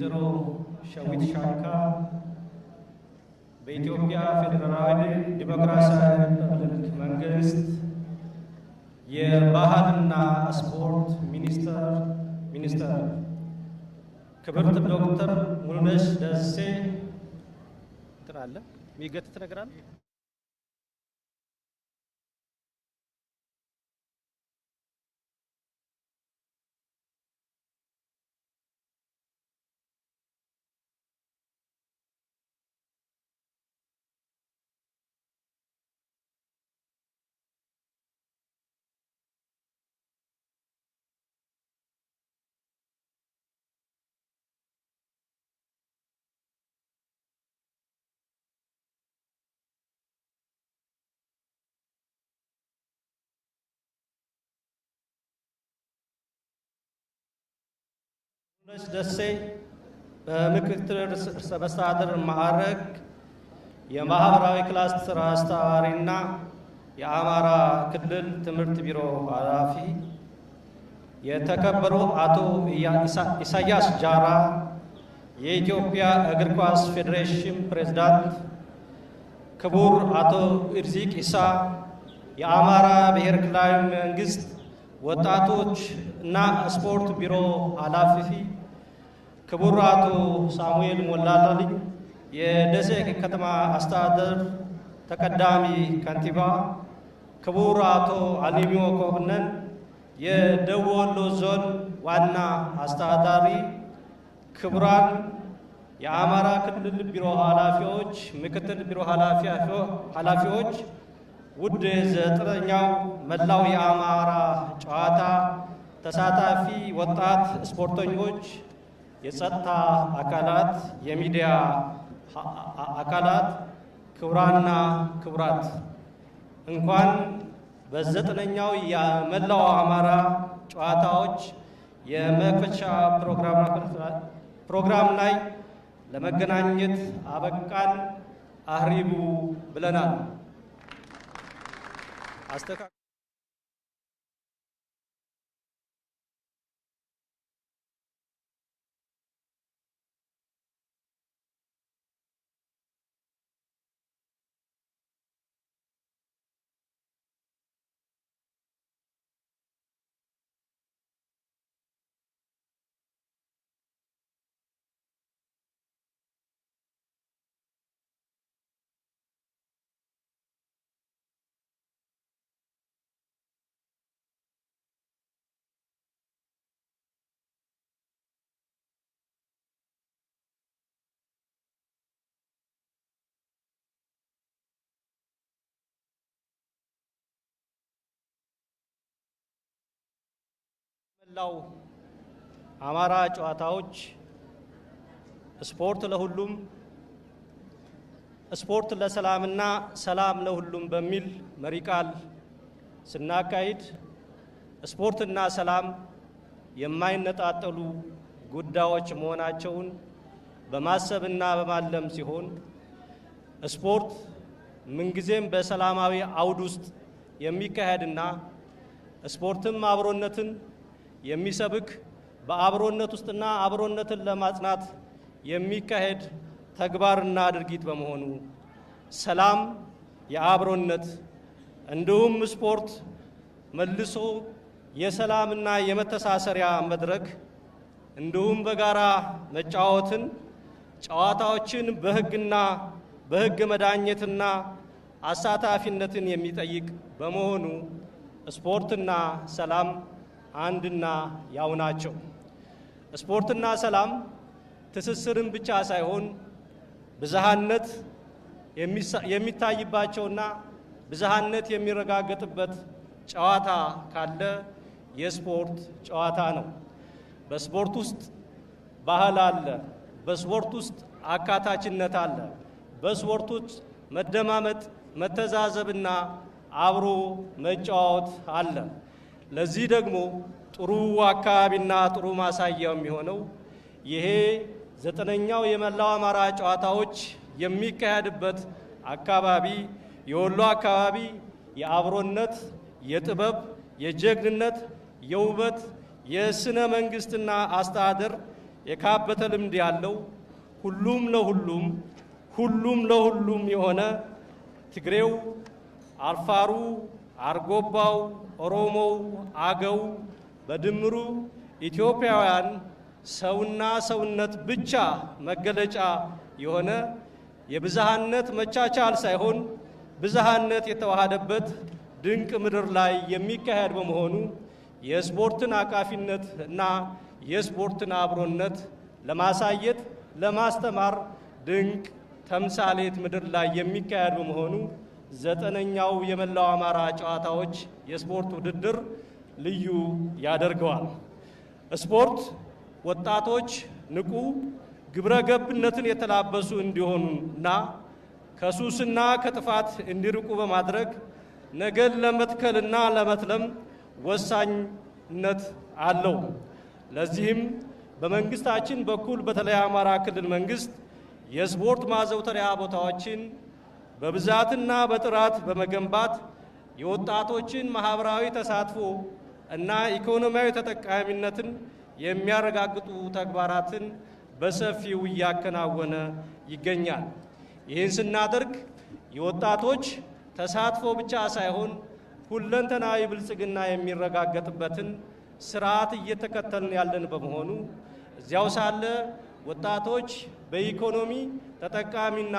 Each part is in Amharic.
ወይዘሮ ሸዊት ሻንካ በኢትዮጵያ ፌዴራላዊ ዲሞክራሲያዊ ሪፐብሊክ መንግስት የባህልና ስፖርት ሚኒስተር ሚኒስተር ክብርት ዶክተር ሙሉነሽ ደሴ ትናለ የሚገትት ነገር አለ ሎች ደሴ በምክትል ርዕሰ መስተዳድር ማዕረግ የማህበራዊ ክላስተር አስተባባሪና የአማራ ክልል ትምህርት ቢሮ ኃላፊ የተከበሩ አቶ ኢሳያስ ጃራ የኢትዮጵያ እግር ኳስ ፌዴሬሽን ፕሬዝዳንት፣ ክቡር አቶ ኢርዚቅ ኢሳ የአማራ ብሔር ክልላዊ መንግስት ወጣቶች እና ስፖርት ቢሮ ኃላፊ ክቡር አቶ ሳሙኤል ሞላላ የደሴ ከተማ አስተዳደር ተቀዳሚ ከንቲባ፣ ክቡር አቶ አሊሚዮ ኮብነን የደቡብ ወሎ ዞን ዋና አስተዳዳሪ፣ ክቡራን የአማራ ክልል ቢሮ ኃላፊዎች፣ ምክትል ቢሮ ኃላፊዎች፣ ውድ ዘጠነኛው መላው የአማራ ጨዋታ ተሳታፊ ወጣት ስፖርተኞች የጸጥታ አካላት፣ የሚዲያ አካላት፣ ክብራና ክቡራት እንኳን በዘጠነኛው የመላው አማራ ጨዋታዎች የመክፈቻ ፕሮግራም ላይ ለመገናኘት አበቃን አህሪቡ ብለናል። ላው አማራ ጨዋታዎች ስፖርት ለሁሉም ስፖርት ለሰላምና ሰላም ለሁሉም በሚል መሪ ቃል ስናካሂድ ስፖርትና ሰላም የማይነጣጠሉ ጉዳዮች መሆናቸውን በማሰብና በማለም ሲሆን ስፖርት ምንጊዜም በሰላማዊ አውድ ውስጥ የሚካሄድና ስፖርትም አብሮነትን የሚሰብክ በአብሮነት ውስጥና አብሮነትን ለማጽናት የሚካሄድ ተግባርና ድርጊት በመሆኑ ሰላም የአብሮነት እንዲሁም ስፖርት መልሶ የሰላምና የመተሳሰሪያ መድረክ እንዲሁም በጋራ መጫወትን ጨዋታዎችን በሕግና በሕግ መዳኘትና አሳታፊነትን የሚጠይቅ በመሆኑ ስፖርትና ሰላም አንድና ያው ናቸው። ስፖርትና ሰላም ትስስርን ብቻ ሳይሆን ብዝሃነት የሚታይባቸውና ብዝሃነት የሚረጋገጥበት ጨዋታ ካለ የስፖርት ጨዋታ ነው። በስፖርት ውስጥ ባህል አለ። በስፖርት ውስጥ አካታችነት አለ። በስፖርት ውስጥ መደማመጥ፣ መተዛዘብና አብሮ መጫወት አለ። ለዚህ ደግሞ ጥሩ አካባቢና ጥሩ ማሳያው የሚሆነው ይሄ ዘጠነኛው የመላው አማራ ጨዋታዎች የሚካሄድበት አካባቢ የወሎ አካባቢ የአብሮነት፣ የጥበብ፣ የጀግንነት፣ የውበት፣ የስነ መንግስትና አስተዳደር የካበተ ልምድ ያለው ሁሉም ለሁሉም ሁሉም ለሁሉም የሆነ ትግሬው፣ አልፋሩ። አርጎባው፣ ኦሮሞው፣ አገው በድምሩ ኢትዮጵያውያን ሰውና ሰውነት ብቻ መገለጫ የሆነ የብዝሃነት መቻቻል ሳይሆን ብዝሃነት የተዋሃደበት ድንቅ ምድር ላይ የሚካሄድ በመሆኑ የስፖርትን አቃፊነት እና የስፖርትን አብሮነት ለማሳየት ለማስተማር ድንቅ ተምሳሌት ምድር ላይ የሚካሄድ በመሆኑ ዘጠነኛው የመላው አማራ ጨዋታዎች የስፖርት ውድድር ልዩ ያደርገዋል። ስፖርት ወጣቶች ንቁ ግብረ ገብነትን የተላበሱ እንዲሆኑና ከሱስና ከጥፋት እንዲርቁ በማድረግ ነገን ለመትከልና ለመትለም ወሳኝነት አለው። ለዚህም በመንግስታችን በኩል በተለይ አማራ ክልል መንግስት የስፖርት ማዘውተሪያ ቦታዎችን በብዛትና በጥራት በመገንባት የወጣቶችን ማህበራዊ ተሳትፎ እና ኢኮኖሚያዊ ተጠቃሚነትን የሚያረጋግጡ ተግባራትን በሰፊው እያከናወነ ይገኛል። ይህን ስናደርግ የወጣቶች ተሳትፎ ብቻ ሳይሆን ሁለንተናዊ ብልጽግና የሚረጋገጥበትን ስርዓት እየተከተልን ያለን በመሆኑ እዚያው ሳለ ወጣቶች በኢኮኖሚ ተጠቃሚና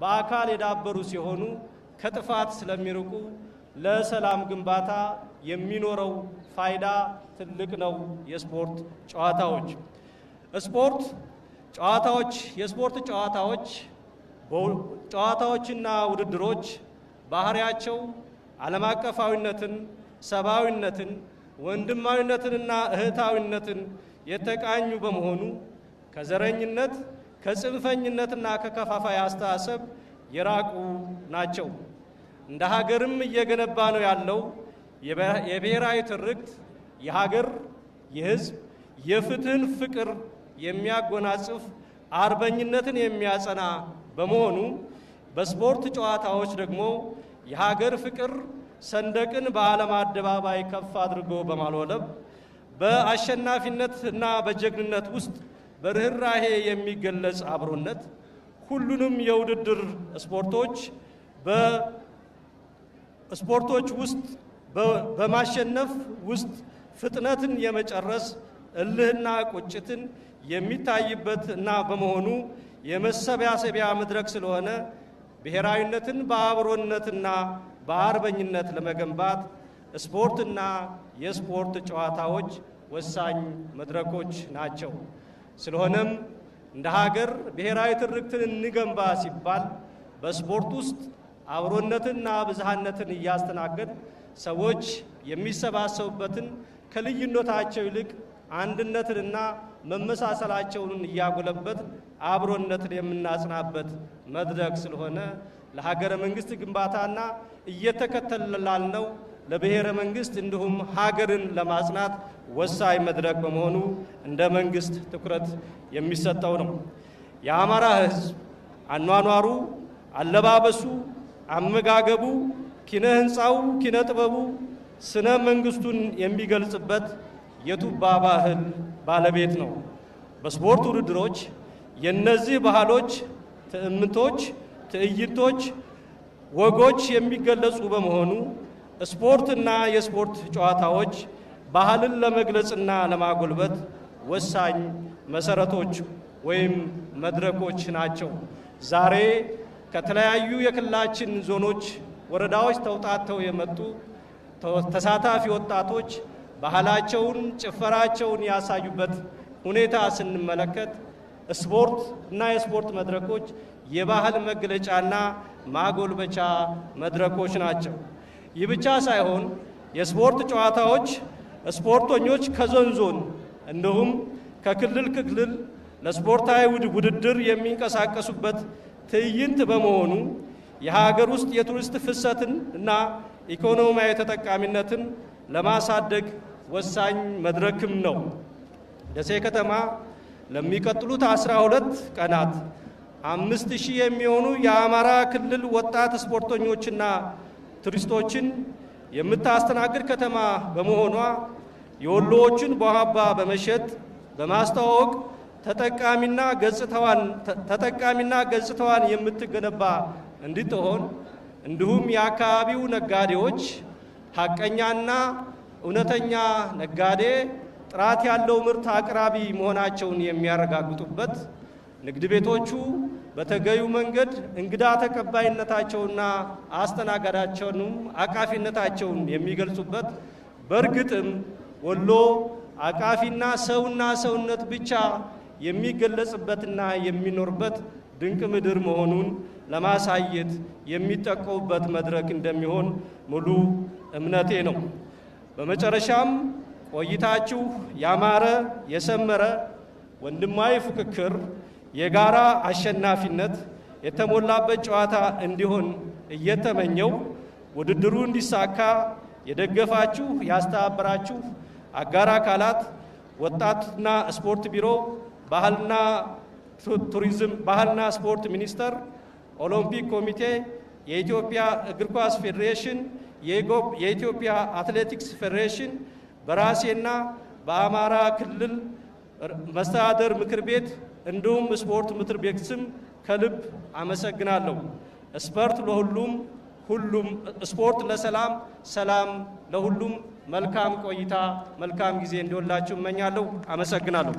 በአካል የዳበሩ ሲሆኑ ከጥፋት ስለሚርቁ ለሰላም ግንባታ የሚኖረው ፋይዳ ትልቅ ነው። የስፖርት ጨዋታዎች ስፖርት ጨዋታዎች የስፖርት ጨዋታዎች ጨዋታዎችና ውድድሮች ባህሪያቸው ዓለም አቀፋዊነትን፣ ሰብአዊነትን፣ ወንድማዊነትንና እህታዊነትን የተቃኙ በመሆኑ ከዘረኝነት ከጽንፈኝነትና ከከፋፋይ አስተሳሰብ የራቁ ናቸው። እንደ ሀገርም እየገነባ ነው ያለው የብሔራዊ ትርክት የሀገር የሕዝብ የፍትህን ፍቅር የሚያጎናጽፍ አርበኝነትን የሚያጸና በመሆኑ በስፖርት ጨዋታዎች ደግሞ የሀገር ፍቅር ሰንደቅን በዓለም አደባባይ ከፍ አድርጎ በማልወለብ በአሸናፊነት እና በጀግንነት ውስጥ በርኅራሄ የሚገለጽ አብሮነት ሁሉንም የውድድር ስፖርቶች በስፖርቶች ውስጥ በማሸነፍ ውስጥ ፍጥነትን የመጨረስ እልህና ቁጭትን የሚታይበት እና በመሆኑ የመሰባሰቢያ መድረክ ስለሆነ ብሔራዊነትን በአብሮነትና በአርበኝነት ለመገንባት ስፖርትና የስፖርት ጨዋታዎች ወሳኝ መድረኮች ናቸው። ስለሆነም እንደ ሀገር ብሔራዊ ትርክትን እንገንባ ሲባል በስፖርት ውስጥ አብሮነትንና ብዝሃነትን እያስተናገድ ሰዎች የሚሰባሰቡበትን ከልዩነታቸው ይልቅ አንድነትንና መመሳሰላቸውን እያጎለበት አብሮነትን የምናጽናበት መድረክ ስለሆነ ለሀገረ መንግስት ግንባታና እየተከተለ ላልነው ለብሔረ መንግስት እንዲሁም ሀገርን ለማጽናት ወሳኝ መድረክ በመሆኑ እንደ መንግስት ትኩረት የሚሰጠው ነው። የአማራ ህዝብ አኗኗሩ፣ አለባበሱ፣ አመጋገቡ፣ ኪነ ህንፃው፣ ኪነ ጥበቡ ስነ መንግስቱን የሚገልጽበት የቱባ ባህል ባለቤት ነው። በስፖርት ውድድሮች የእነዚህ ባህሎች ትዕምቶች፣ ትዕይንቶች፣ ወጎች የሚገለጹ በመሆኑ ስፖርትና የስፖርት ጨዋታዎች ባህልን ለመግለጽና ለማጎልበት ወሳኝ መሰረቶች ወይም መድረኮች ናቸው። ዛሬ ከተለያዩ የክልላችን ዞኖች፣ ወረዳዎች ተውጣተው የመጡ ተሳታፊ ወጣቶች ባህላቸውን፣ ጭፈራቸውን ያሳዩበት ሁኔታ ስንመለከት ስፖርት እና የስፖርት መድረኮች የባህል መግለጫና ማጎልበቻ መድረኮች ናቸው። ይህ ብቻ ሳይሆን የስፖርት ጨዋታዎች ስፖርተኞች ከዞን ዞን እንዲሁም ከክልል ክልል ለስፖርታዊ ውድድር የሚንቀሳቀሱበት ትዕይንት በመሆኑ የሀገር ውስጥ የቱሪስት ፍሰትን እና ኢኮኖሚያዊ ተጠቃሚነትን ለማሳደግ ወሳኝ መድረክም ነው። ደሴ ከተማ ለሚቀጥሉት አስራ ሁለት ቀናት አምስት ሺህ የሚሆኑ የአማራ ክልል ወጣት ስፖርተኞችና ቱሪስቶችን የምታስተናግድ ከተማ በመሆኗ የወሎዎቹን በዋባ በመሸጥ በማስተዋወቅ ተጠቃሚና ገጽታዋን ተጠቃሚና ገጽታዋን የምትገነባ እንድትሆን እንዲሁም የአካባቢው ነጋዴዎች ሀቀኛና እውነተኛ ነጋዴ ጥራት ያለው ምርት አቅራቢ መሆናቸውን የሚያረጋግጡበት ንግድ ቤቶቹ በተገዩ መንገድ እንግዳ ተቀባይነታቸውና አስተናጋዳቸውንም አቃፊነታቸውን የሚገልጹበት በእርግጥም ወሎ አቃፊና ሰውና ሰውነት ብቻ የሚገለጽበትና የሚኖርበት ድንቅ ምድር መሆኑን ለማሳየት የሚጠቀሙበት መድረክ እንደሚሆን ሙሉ እምነቴ ነው። በመጨረሻም ቆይታችሁ ያማረ የሰመረ ወንድማዊ ፉክክር የጋራ አሸናፊነት የተሞላበት ጨዋታ እንዲሆን እየተመኘው ውድድሩ እንዲሳካ የደገፋችሁ ያስተባበራችሁ አጋር አካላት ወጣትና ስፖርት ቢሮ፣ ባህልና ቱሪዝም፣ ባህልና ስፖርት ሚኒስቴር፣ ኦሎምፒክ ኮሚቴ፣ የኢትዮጵያ እግር ኳስ ፌዴሬሽን፣ የኢትዮጵያ አትሌቲክስ ፌዴሬሽን በራሴና በአማራ ክልል መስተዳደር ምክር ቤት እንዲሁም ስፖርት ምክር ቤትም ከልብ አመሰግናለሁ። ስፖርት ለሁሉም ሁሉም ስፖርት ለሰላም ሰላም ለሁሉም መልካም ቆይታ መልካም ጊዜ እንዲወላችሁ እመኛለሁ። አመሰግናለሁ።